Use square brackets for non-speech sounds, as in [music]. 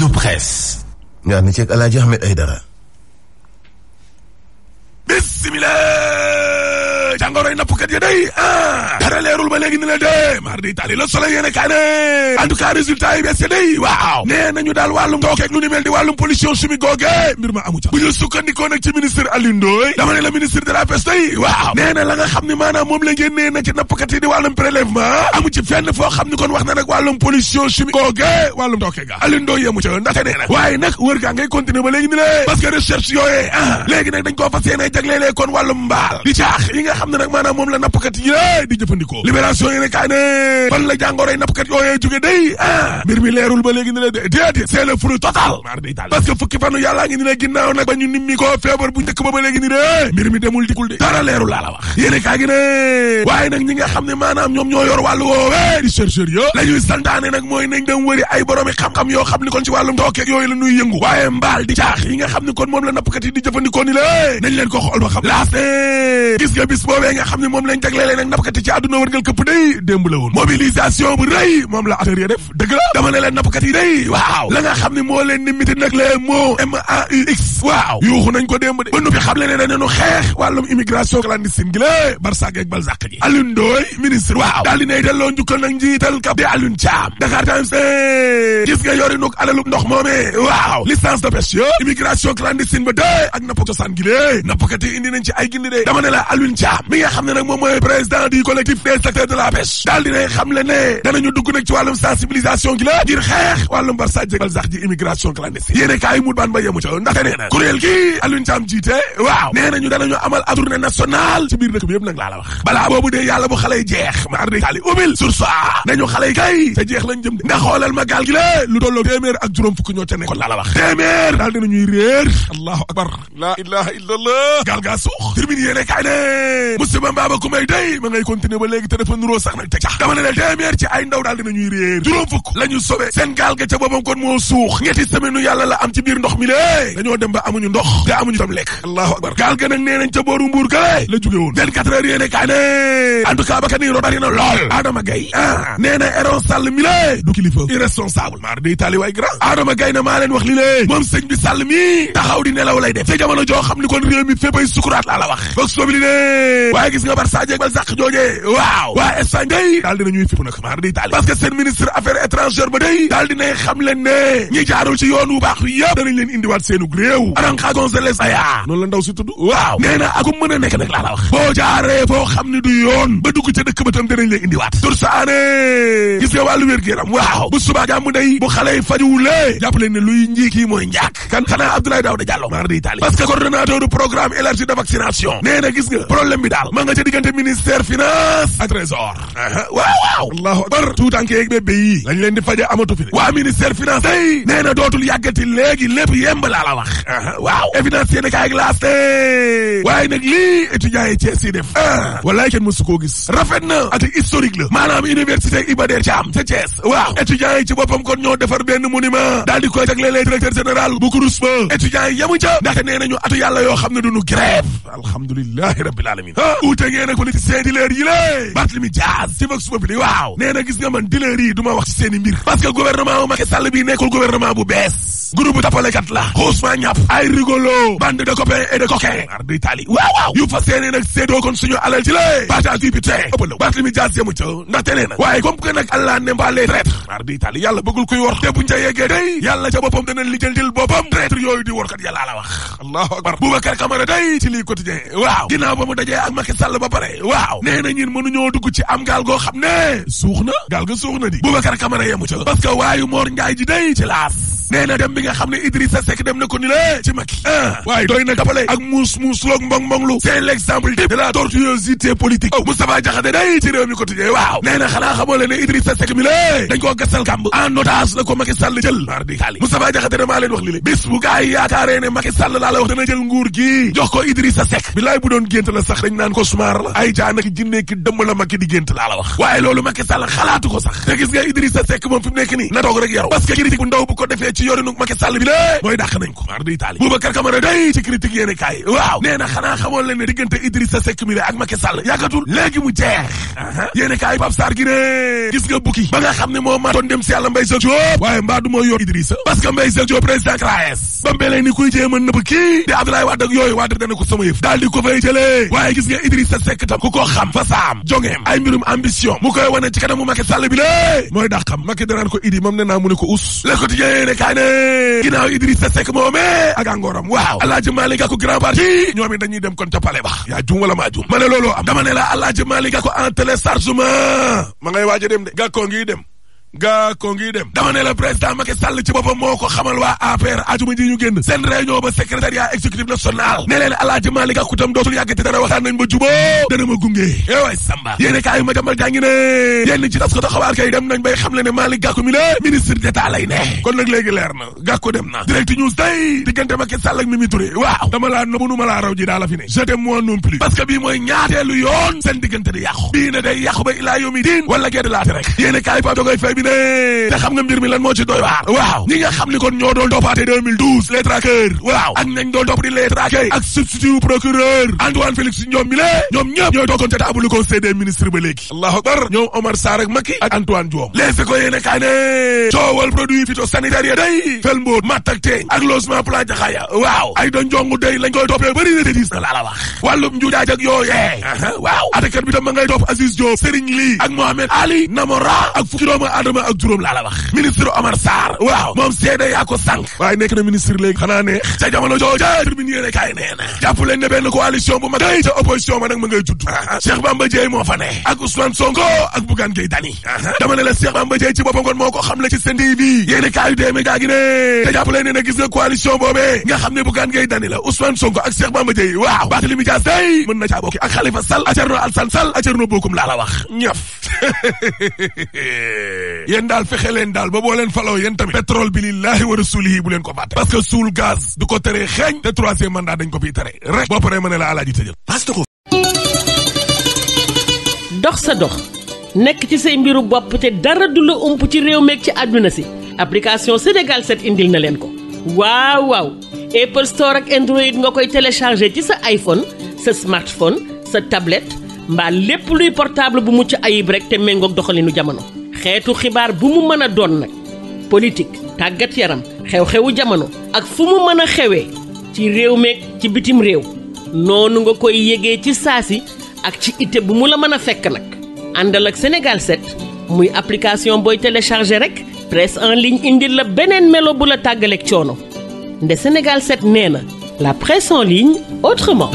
de presse. nga ni ceeg El Hadj Ahmed Aïdara. bismillah. jàngoroy nappkat ya day ah dara leerul ba léegi ni la dee mardi tali la soleil yéene kaa ne en tout cas résultat yi bes day waaw nee nañu daal wàllum tookeeg lu ni mel di wàllum pollution chimique googe mbir ma amu a bu ñu sukkandikoo nag ci ministre Alioune dama ne la ministre de la pêche waaw nee na la xam ne maanaam moom la nee na ci nappkat yi di wàllum prélèvement amu ci fenn foo xam ni kon wax na nag wàllum pollution chimique googe xam ne nag maanaam moom la nappkat yi di jëfandikoo libération yéene kaay ne ban ah mbir mi leerul ba léegi ne la déedéet c'est le total parce fukki fanu yàllaa ngi ni ne ginnaaw nag ba ñu feebar bu njëkk ba ba mbir mi demul dikul de dara leerul laa la wax waaye nag ñi xam ne maanaam ñoom ñoo yor wàllu woowee di chercheur yo la ñuy santaane mooy nañ dem wëri ay boroomi xam-xam yoo xam ni kon ci wàllum tooke yooyu la ñuy yëngu waaye mbaal di caax yi nga xam ni kon moom yi di jëfandikoo ni la leen ko xool ba xam boobee nga xam ne moom lañ jaglelee nag nappkat yi ci àdduna wërngal këpp day démb la woon mobilisation bu rëy moom la acteurs ya def dëgg la dama ne leen nappkat yi day waaw la nga xam ne moo leen ni miti nag le moo MAUX waaw yuuxu nañ ko démb de ba nu fi xam le ne dañu xeex wàllum immigration clandestine gi la Barça ak Balzac ji Alioune Ndoye ministre waaw daal di nay delloo njukkal nag njiital kap di Alioune Thiam Dakar Times gis nga yori nuk alalu ndox moomee waaw licence de pêche yo immigration clandestine ba dee ak napp cosaan gi lée nappkat yi indi nañ ci ay gindi dee dama ne la Alioune Thiam Ba mi nga xam ne nag moom mooy président du collectif des acteurs de la pêche daal dinay xam le ne danañu ci wàllum sensibilisation gi la ngir xeex wàllum bar sajjë balsax ji immigration clandestine yéene kaa mut baan ba yemu ca ndaxte nee na kuréel gi Alioune Thiam jiite waaw nee nañu danañu amal ab tournée ci biir dëkk bi yëpp nag laa la wax balaa boobu jeex ma ar ubil sur sa nañu kay sa jeex lañ jëm de ndax xoolal ma gaal gi lu tolloo téeméer musiba mbaaba ku may day ma ngay continuer ba léegi te dafa nuroo sax nag te cax dama ne la téeméer ci ay ndaw daal dinañuy réer juróom fukk la ñu sobe seen gaal ga ca boobam kon moo suux ñetti semaine nu yàlla la am ci biir ndox mi lée dañoo dem ba amuñu ndox te amuñu tam lekk allahu akbar gaal ga nag nee nañ ca booru mbuur gale la jóge woon 24 heures yéene kaa ne en tout cas ba ka nii bari na lool Adama Gaye ah nee na Eron Sall mi lée du kilifa irresponsable maar day taali waay grand Adama Gaye na maa leen wax li lée moom sëñ bi Sall mi taxaw di nelaw lay def ca jamono joo xam ni kon réew mi fépp ay sukuraat laa la wax waaye gis nga bar Sadio bal sàq joojee waaw waa Espagne day daal dina ñuy fipp nag maar di taali parce que seen ministre affaires étrangères ba day daal dinay xam leen ne ñi jaarul ci yoon wu baax yëpp danañ leen indiwaat seenug réew Arantxa González Aya noonu la ndaw si tudd waaw nee na mën a nekk nag laa la wax boo jaaree foo xam ne du yoon ba dugg ca dëkk ba tam danañ leen indiwaat tur gis nga wàllu wér-gu-yaram waaw bu subaa jàmm day bu daal ma nga ca diggante ministère finance ak trésor waaw waaw allahu akbar tuutànke yeeg bébé yi lañ leen di faje amatu fi waa ministère finance day nee dootul yàggati léegi lépp yemb laa la wax waaw évidence yéen kaay glace waay nag lii étudiants yi Thiès yi def ah. wallaay kenn mësu koo gis rafet na ati historique la maanaam université Iba Der Thiam ca waaw étudiants yi ci boppam kon ñoo defar benn monument daal di koy jagleel directeur général bu kurus ba étudiants yi yamu ca ndaxte nee nañu yàlla yoo xam ne duñu grève alhamdulilahi rabbil alamin Ah, uute ngeen ak politiciens dealers yi lée Barthélémy Dias ci Vox Populi waaw nee gis nga man dealers yi du wax ci seen mbir parce que gouvernement bu Macky Sall nekkul gouvernement bu bees groupe tapalekat la xuusma ñàpp ay rigolo bande de copains et de coquins yu fas yéene nag séedoo kon suñu alal ci lée partage bi tee ëppalaw Barthélémy Dias waaye comme nag Allah ne mbaa les traîtres ar kuy wor te bu ca yeggee day yàlla ca boppam dana lijjantil boppam traître yooyu di ak Macky Sall ba pare waaw nee na ñun mënuñoo dugg ci am gaal goo xam ne suux na gaal ga suux na di Boubacar Camara yemu ca parce que waayu Mor Ndiaye ji day ci laas nee na dem bi nga xam ne a Seck dem na ko ni la ci Macky ah waaye doy na tapale ak muus muus loog mbong mbong lu c'est l'exemple type de la tortuosité politique aw oh Moustapha Diakhaté day ci réew mi ko tijjee waaw nee na xanaa xamoo leen ne Idrissa Seck mi la dañ koo gasal kàmb en otage la ko ko Idrissa bañ naan ko sumaar ay jaa ki dëmm la Macky di gént laa wax waaye loolu Macky Sall xalaatu ko sax te gis nga Idrissa moom fi mu na toog yaru parce que bu ndaw bu ko defee ci yorinu Macky Sall bi mooy dàq ko mar du Italie Boubacar Camara day ci critique yéene kaay waaw nee na xanaa xamoon leen ne diggante Idrissa xam ne moo ma doon si yàlla Mbaye Seck waaye mbaa du ma yor Idrissa parce que Mbaye gis nga Idrissa Seck tam ku ko xam fasaam jongeem ay mbirum ambition mu wane ci kanamu Macky Sall bi mooy dax xam Macky ko idi moom ne naa mu ne ko us le quotidien ne kaay ne ginnaaw Idrissa Seck moomee ak àngooram waaw Alaaji Malick Gakou grand parti ñoom dañuy dem kon ca palais yaa jum wala maa jum ma ne am dama ne la Alaaji Malik Gakou ma ngay waaj dem de Gakou ngi dem gaa ko ngi dem dama ne la président Macky Sall ci boppam moo xamal waa APR ajuma ji ñu génn seen réunion ba secrétariat exécutif national ne leen Alaaji Malick Gakou tam dootul yàggati dara waxtaan nañ ba juboo dana ma gunge ewaay eh Samba yéene kaay ma jàmbal jàngi ci tas ko taxawaar kay dem nañ bay xam le ne Malick ministre d'état lay kon nag léegi leer dem na direct news day diggante Macky Sall ak Mimi Touré waaw dama laa na cabinet te xam nga mbir mi lan moo ci doy waar waaw ñi nga xam ni kon ñoo doon toppaate 2012 les traqueurs waaw ak nañ doon topp di les traquer ak substitut procureur Antoine Félix ñoom mi lée ñoom ñëpp ñooy toogoon ca taabalu conseil des ministres ba léegi allahu akbar ñoom Omar Sarr ak Macky ak Antoine Diome les éco yéene kaa ne coowal produit phytosanitaire ya day fel mbóot matt ak teeñ ak logement plan jaxaaya waaw ay doon jongu day lañ koy toppee bëri na te diis na laa la dërëm ak juróom laa la wax ministre Omar Sarr waaw moom seede yaa ko sànq waaye nekk na ministre léegi xanaa neex ca jamono jooja tribune yéene kaay nee na jàpp benn coalition bu mag ca opposition ma nag ma ngay judd Cheikh Bamba Dièye moo fa ne ak Ousmane Sonko ak Bougane Gueye Dany dama ne la Cheikh Bamba ci boppam moo ko xam ci sendi bi kaay yu deeme te jàpp leen gis nga coalition boobee nga xam ne Bougane Gueye Dany la Ousmane [laughs] yéen daal fexe leen daal ba boo leen faloo yéen tamit pétrole bi lillaahi wa rasulihi bu leen ko fàtte parce que suul gaz du ko teree xeeñ te troisième mandat dañ ko fiy tere rek boo dox sa dox nekk ci say mbiru bopp te dara du la ump ci réew meek ci àdduna si application Sénégal set indil na leen ko waaw waaw Apple Store ak Android nga koy téléchargé ci sa iPhone sa smartphone sa tablette mbaa lépp luy portable bu mucc ayib rek te méngoog doxalinu jamono. xeetu xibaar bu mu mën a doon nag politique tàggat yaram xew-xewu jamono ak fu mu mën a xewee ci réew meeg ci bitim réew noonu nga koy yégee ci saasi ak ci ite bu mu la mën a fekk nag àndal ak Sénégal set muy application booy téléchargé rek presse en ligne indil la beneen melo bu la tàggaleeg coono nde Sénégal set nee na la presse en ligne autrement